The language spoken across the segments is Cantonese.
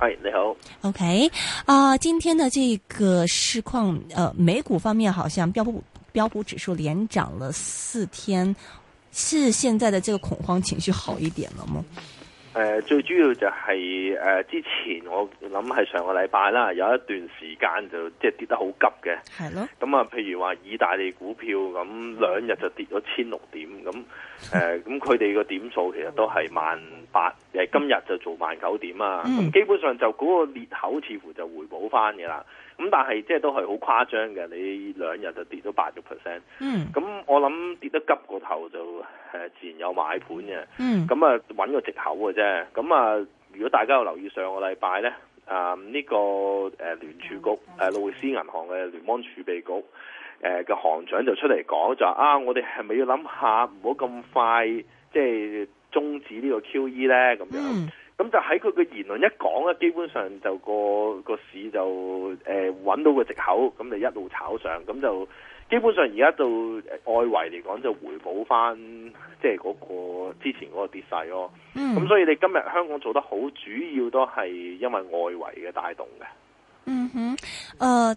係你好，OK，啊、呃，今天的這個市況，呃，美股方面好像標普標普指數連漲了四天，是現在的這個恐慌情緒好一點了嗎？誒、呃，最主要就係、是、誒、呃，之前我諗係上個禮拜啦，有一段時間就即係、就是、跌得好急嘅，係咯，咁啊、嗯，譬如話意大利股票咁、嗯、兩日就跌咗千六點咁。嗯誒，咁佢哋個點數其實都係萬八，誒，今日就做萬九點啊，咁基本上就嗰個裂口似乎就回補翻嘅啦。咁但係即係都係好誇張嘅，你兩日就跌到八個 percent。嗯，咁我諗跌得急個頭就誒，自然有買盤嘅。嗯，咁啊，揾個借口嘅啫。咁啊，如果大家有留意上個禮拜咧，啊，呢個誒聯儲局誒，路易斯銀行嘅聯邦儲備局。誒個、呃、行長就出嚟講就話啊，我哋係咪要諗下唔好咁快即係終止呢個 QE 呢？咁樣咁、嗯、就喺佢嘅言論一講咧，基本上就個個市就誒揾、呃、到個藉口，咁就一路炒上，咁就基本上而家到外圍嚟講就回補翻即係嗰個之前嗰個跌勢咯。咁、嗯、所以你今日香港做得好，主要都係因為外圍嘅帶動嘅。嗯哼，誒、呃。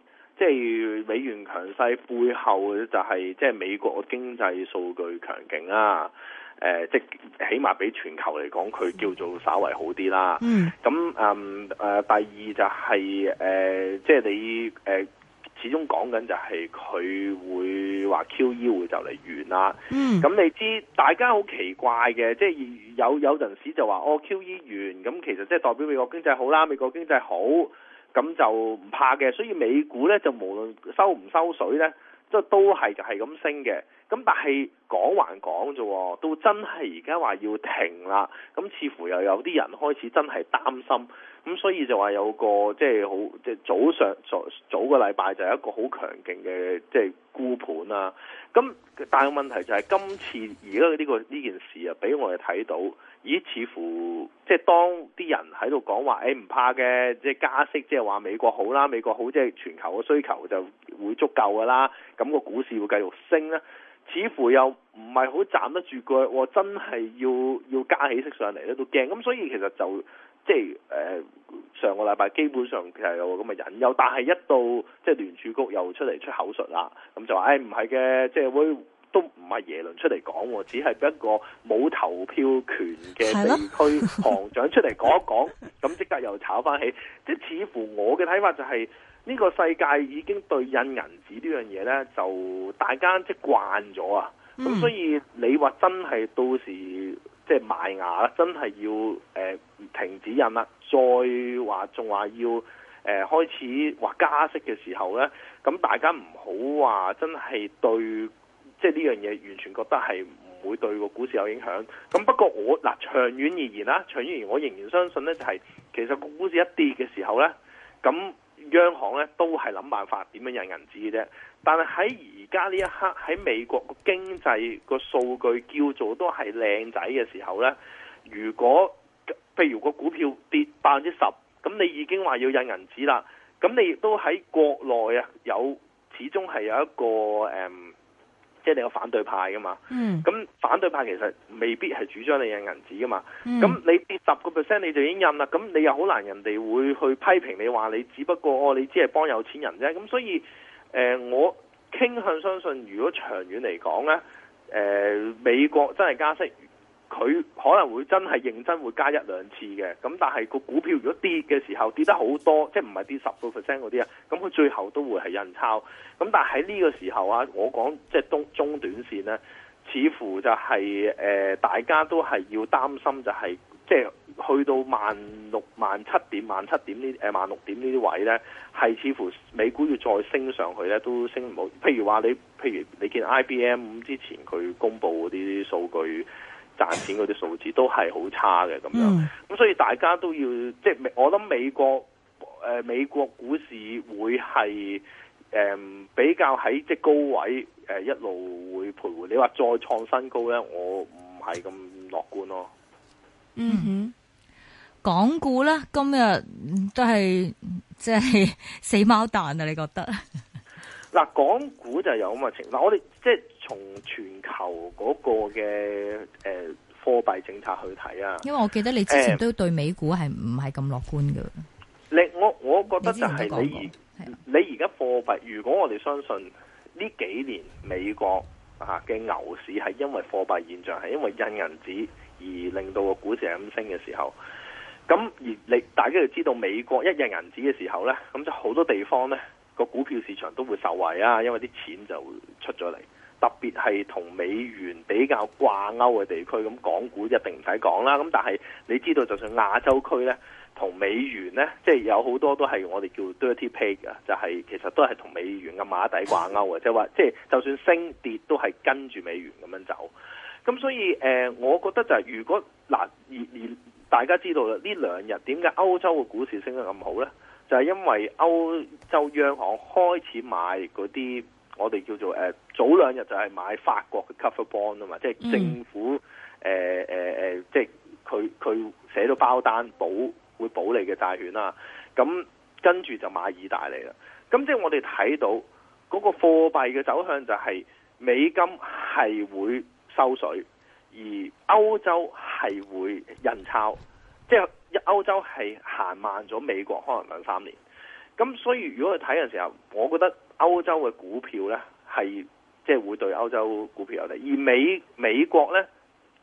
即係美元強勢背後、就是，就係即係美國嘅經濟數據強勁啦、啊。誒、呃，即起碼比全球嚟講，佢叫做稍為好啲啦、mm.。嗯。咁誒誒，第二就係、是、誒、呃，即係你誒、呃，始終講緊就係佢會話 QE 會就嚟完啦。嗯。咁你知，大家好奇怪嘅，即係有有陣時就話哦 QE 完，咁、e、其實即係代表美國經濟好啦。美國經濟好。咁就唔怕嘅，所以美股呢，就無論收唔收水呢，即係都係就係咁升嘅。咁但係講還講啫，都真係而家話要停啦。咁似乎又有啲人開始真係擔心，咁所以就話有個即係、就是、好即係、就是、早上早個個禮拜就係一個好強勁嘅即係沽盤啦。咁但係問題就係、是、今次而家呢個呢件事啊，俾我哋睇到。咦，似乎即係當啲人喺度講話，誒、哎、唔怕嘅，即係加息，即係話美國好啦，美國好，即係全球嘅需求就會足夠㗎啦，咁、那個股市會繼續升啦，似乎又唔係好站得住腳，我真係要要加起息上嚟咧都驚。咁所以其實就即係、呃、上個禮拜基本上其實有咁嘅引誘，但係一到即係聯儲局又出嚟出口述啦，咁就話誒唔係嘅，即係會。都唔係耶倫出嚟講，只係一個冇投票權嘅地區行長出嚟講一講，咁即 刻又炒翻起。即係似乎我嘅睇法就係、是、呢、這個世界已經對印銀紙呢樣嘢呢，就大家即係、就是、慣咗啊。咁所以你話真係到時即係、就是、賣牙啦，真係要誒、呃、停止印啦，再話仲話要誒、呃、開始話加息嘅時候呢，咁大家唔好話真係對。即係呢樣嘢，完全覺得係唔會對個股市有影響。咁不過我嗱長遠而言啦，長遠而言，長遠而言我仍然相信呢，就係、是、其實個股市一跌嘅時候呢，咁央行呢都係諗辦法點樣印銀紙嘅啫。但係喺而家呢一刻，喺美國個經濟個數據叫做都係靚仔嘅時候呢，如果譬如個股票跌百分之十，咁你已經話要印銀紙啦，咁你亦都喺國內啊有始終係有一個誒。嗯即係你有個反對派噶嘛？咁、嗯、反對派其實未必係主張你印銀紙噶嘛？咁、嗯、你跌十個 percent 你就已經印啦，咁你又好難人哋會去批評你話你，只不過你只係幫有錢人啫。咁所以誒、呃，我傾向相信，如果長遠嚟講咧，誒、呃、美國真係加息。佢可能會真係認真會加一兩次嘅，咁但係個股票如果跌嘅時候跌得好多，即係唔係跌十個 percent 嗰啲啊，咁佢最後都會係印鈔。咁但係喺呢個時候啊，我講即係中中短線呢，似乎就係、是、誒、呃、大家都係要擔心、就是，就係即係去到萬六萬七點萬七點呢、誒萬六點呢啲位呢，係似乎美股要再升上去呢都升唔好。譬如話你，譬如你見 IBM 之前佢公布嗰啲數據。賺錢嗰啲數字都係好差嘅，咁樣，咁、mm. 嗯、所以大家都要即係我諗美國誒、呃、美國股市會係誒、呃、比較喺即係高位誒、呃、一路會徘徊。你話再創新高咧，我唔係咁樂觀咯。嗯哼、mm，hmm. 港股呢，今日、嗯、都係即係死貓彈啊！你覺得？嗱， 港股就有咁嘅情況，我哋即係。從全球嗰個嘅誒、呃、貨幣政策去睇啊，因為我記得你之前都對美股係唔係咁樂觀嘅。你我我覺得就係你而你而家、啊、貨幣，如果我哋相信呢幾年美國啊嘅牛市係因為貨幣現象係因為印銀紙而令到個股市咁升嘅時候，咁而你大家就知道美國一印銀紙嘅時候呢，咁就好多地方呢個股票市場都會受惠啊，因為啲錢就會出咗嚟。特別係同美元比較掛鈎嘅地區，咁港股一定唔使講啦。咁但係你知道，就算亞洲區呢，同美元呢，即係有好多都係我哋叫 dirty peg 嘅，就係其實都係同美元嘅馬底掛鈎嘅，即係話即係就算升跌都係跟住美元咁樣走。咁所以誒、呃，我覺得就係如果嗱、呃、而而大家知道啦，呢兩日點解歐洲嘅股市升得咁好呢，就係因為歐洲央行開始買嗰啲我哋叫做誒。呃早兩日就係買法國嘅 cover bond 啊嘛、呃呃，即係政府即係佢佢寫到包單保會保你嘅債券啦。咁、啊、跟住就買意大利啦。咁即係我哋睇到嗰、嗰個貨幣嘅走向就係、係、美金係會收水，而歐洲係會印鈔。即係歐洲係行慢咗美國可能兩三年。咁所以如果你睇嘅時候，我覺得歐洲嘅股票呢係。即係會對歐洲股票有利，而美美國咧，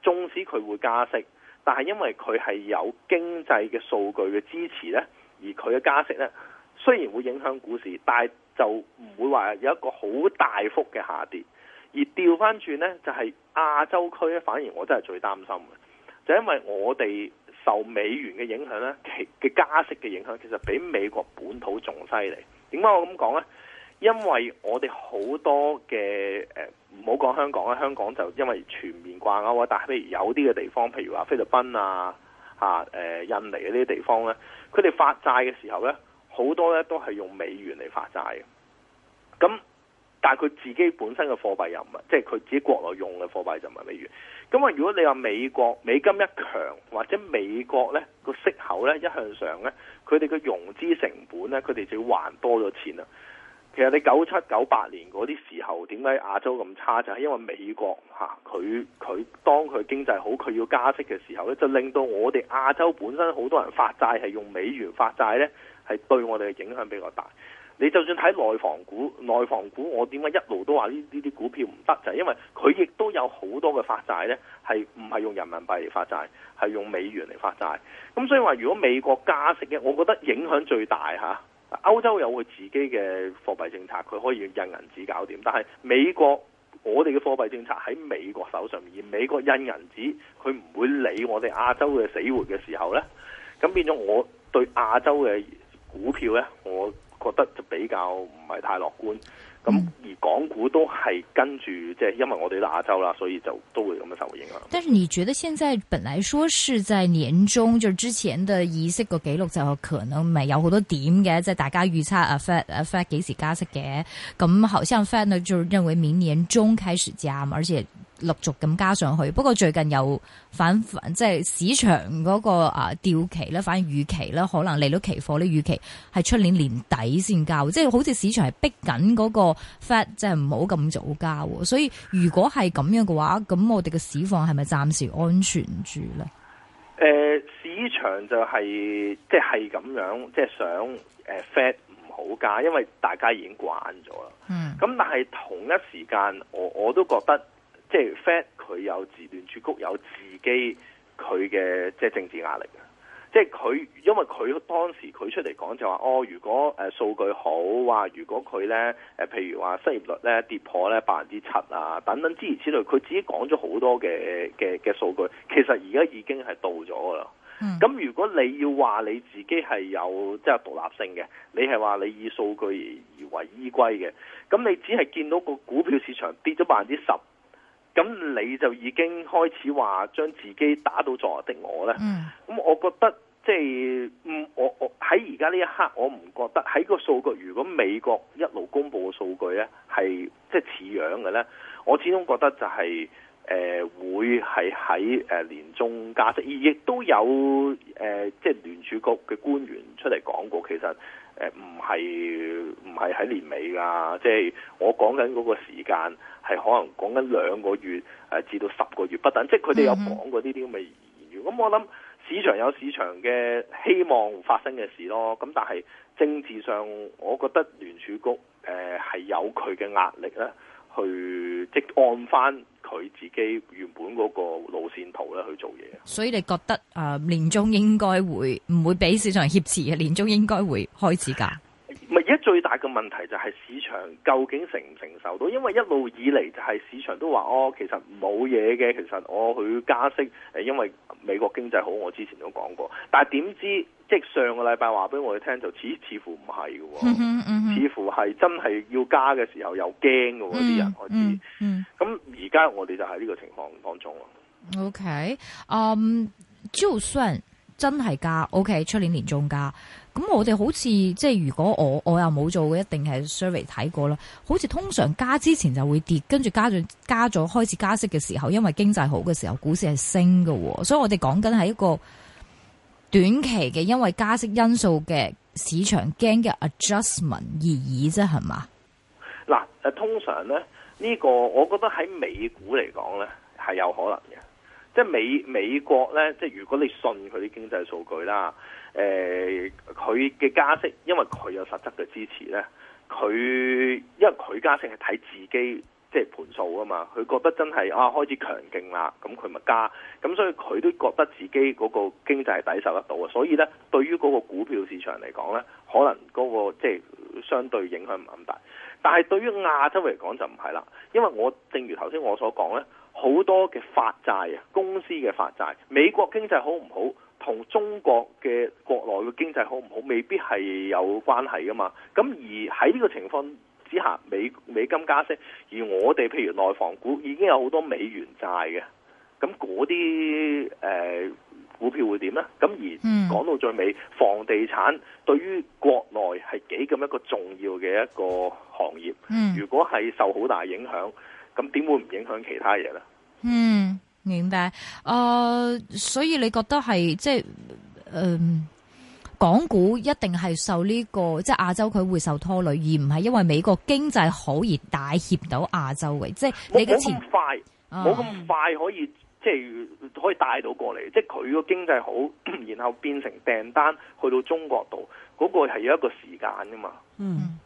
縱使佢會加息，但係因為佢係有經濟嘅數據嘅支持咧，而佢嘅加息咧，雖然會影響股市，但係就唔會話有一個好大幅嘅下跌。而調翻轉咧，就係亞洲區咧，反而我真係最擔心嘅，就因為我哋受美元嘅影響咧，其嘅加息嘅影響其實比美國本土仲犀利。點解我咁講咧？因為我哋好多嘅誒，唔好講香港啦。香港就因為全面掛鈎啊，但係譬如有啲嘅地方，譬如話菲律賓啊、嚇誒印尼嗰啲地方咧，佢哋發債嘅時候咧，好多咧都係用美元嚟發債嘅。咁但係佢自己本身嘅貨幣又唔係，即係佢自己國內用嘅貨幣就唔係美元。咁啊，如果你話美國美金一強，或者美國咧個息口咧一向上咧，佢哋嘅融資成本咧，佢哋就要還多咗錢啦。其實你九七九八年嗰啲時候，點解亞洲咁差？就係因為美國吓，佢佢當佢經濟好，佢要加息嘅時候咧，就令到我哋亞洲本身好多人發債係用美元發債咧，係對我哋嘅影響比較大。你就算睇內房股，內房股我點解一路都話呢呢啲股票唔得？就係因為佢亦都有好多嘅發債咧，係唔係用人民幣嚟發債，係用美元嚟發債。咁所以話如果美國加息咧，我覺得影響最大吓。歐洲有佢自己嘅貨幣政策，佢可以印銀紙搞掂。但係美國，我哋嘅貨幣政策喺美國手上，而美國印銀紙，佢唔會理我哋亞洲嘅死活嘅時候，呢咁變咗我對亞洲嘅股票呢，我覺得就比較唔係太樂觀。咁而港股都係跟住，即係因為我哋喺亞洲啦，所以就都會咁樣受影響。但是你覺得現在本來說是在年中，就之前的議息個記錄就可能咪有好多點嘅，即係大家預測啊 Fed 啊 Fed 幾時加息嘅？咁好像 Fed 就認為明年中開始加嘛，而且。陸續咁加上去，不過最近又反，即係市場嗰、那個啊調期咧，反預期咧，可能利率期貨啲預期係出年年底先加，即係好似市場係逼緊嗰個 fat，即係唔好咁早加。所以如果係咁樣嘅話，咁我哋嘅市況係咪暫時安全住咧？誒、呃，市場就係即係咁樣，即、就、係、是、想誒 fat 唔好加，因為大家已經慣咗啦。嗯。咁但係同一時間，我我都覺得。即係 Fed 佢有自聯儲局，有自己佢嘅即係政治壓力嘅。即係佢，因為佢當時佢出嚟講就話：哦，如果誒、呃、數據好，話、啊、如果佢咧誒譬如話失業率咧跌破咧百分之七、啊等等之如此類，佢自己講咗好多嘅嘅嘅數據，其實而家已經係到咗噶啦。咁、嗯、如果你要話你自己係有即係、就是、獨立性嘅，你係話你以數據而而為依歸嘅，咁你只係見到個股票市場跌咗百分之十。咁你就已經開始話將自己打到座的我呢？咁我覺得即係、就是，我我喺而家呢一刻，我唔覺得喺個數據，如果美國一路公佈嘅數據呢，係即係似樣嘅呢，我始終覺得就係、是、誒、呃、會係喺年中加息，亦都有誒即係聯儲局嘅官員出嚟講過，其實。誒唔係唔係喺年尾㗎，即係我講緊嗰個時間係可能講緊兩個月誒至到十個月不等，即係佢哋有講過呢啲咁嘅言語。咁我諗市場有市場嘅希望發生嘅事咯。咁但係政治上，我覺得聯儲局誒係有佢嘅壓力咧，去即按翻。佢自己原本嗰個路綫圖咧去做嘢，所以你覺得啊、呃，年中應該會唔會俾市場挾持啊？年中應該會開始噶，唔係而家最大嘅問題就係市場究竟承唔承受到？因為一路以嚟就係市場都話哦，其實冇嘢嘅，其實我佢加息誒，因為美國經濟好，我之前都講過，但係點知即係上個禮拜話俾我哋聽，就似似乎唔係嘅喎，似乎係，mm hmm, mm hmm. 真係要加嘅時候又驚嘅喎，啲，mm hmm, mm hmm. 人我知嗯。Mm hmm. 咁而家我哋就喺呢個情況當中咯。O K，嗯，就算真係加。O K，出年年中加。咁我哋好似即係如果我我又冇做嘅，一定係 survey 睇過啦。好似通常加之前就會跌，跟住加咗加咗開始加息嘅時候，因為經濟好嘅時候，股市係升喎。所以我哋講緊係一個短期嘅，因為加息因素嘅市場驚嘅 adjustment 而已啫，係嘛？嗱，誒，通常咧。呢個我覺得喺美股嚟講咧，係有可能嘅，即係美美國咧，即係如果你信佢啲經濟數據啦，誒、呃，佢嘅加息，因為佢有實質嘅支持咧，佢因為佢加息係睇自己。即係盤數啊嘛，佢覺得真係啊開始強勁啦，咁佢咪加，咁所以佢都覺得自己嗰個經濟係抵受得到嘅。所以咧對於嗰個股票市場嚟講咧，可能嗰個即係相對影響唔咁大，但係對於亞洲嚟講就唔係啦，因為我正如頭先我所講咧，好多嘅發債啊，公司嘅發債，美國經濟好唔好同中國嘅國內嘅經濟好唔好未必係有關係噶嘛，咁而喺呢個情況之下美美金加息，而我哋譬如內房股已經有好多美元債嘅，咁嗰啲誒股票會點呢？咁而講、嗯、到最尾，房地產對於國內係幾咁一個重要嘅一個行業，嗯、如果係受好大影響，咁點會唔影響其他嘢呢？嗯，明白。誒、呃，所以你覺得係即係，嗯、呃。港股一定係受呢、這個即係亞洲，佢會受拖累，而唔係因為美國經濟好而帶協到亞洲嘅。即係你嘅錢快，冇咁、啊、快可以即係可以帶到過嚟。即係佢個經濟好，然後變成訂單去到中國度，嗰、那個係要一個時間噶嘛。嗯。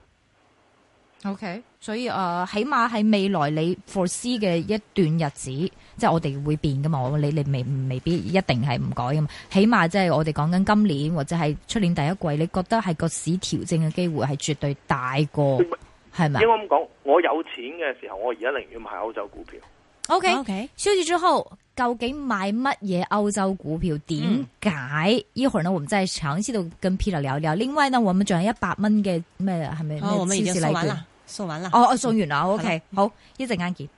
OK，所以誒，uh, 起碼係未來你 foresee 嘅一段日子。即係我哋會變噶嘛，我你你未必未必一定係唔改噶嘛，起碼即係我哋講緊今年或者係出年第一季，你覺得係個市調整嘅機會係絕對大過，係咪即係我咁講，我有錢嘅時候，我而家寧願買歐洲股票。O K O K，消息之後究竟買乜嘢歐洲股票？點解？嗯、一會呢，我真係嘗試到跟 Peter 聊。聊。另外呢，我們仲有一百蚊嘅咩係咪？哦好，我們已經送完了，完了、哦，送完了。送完啦。O okay , K，、嗯、好，一陣間見。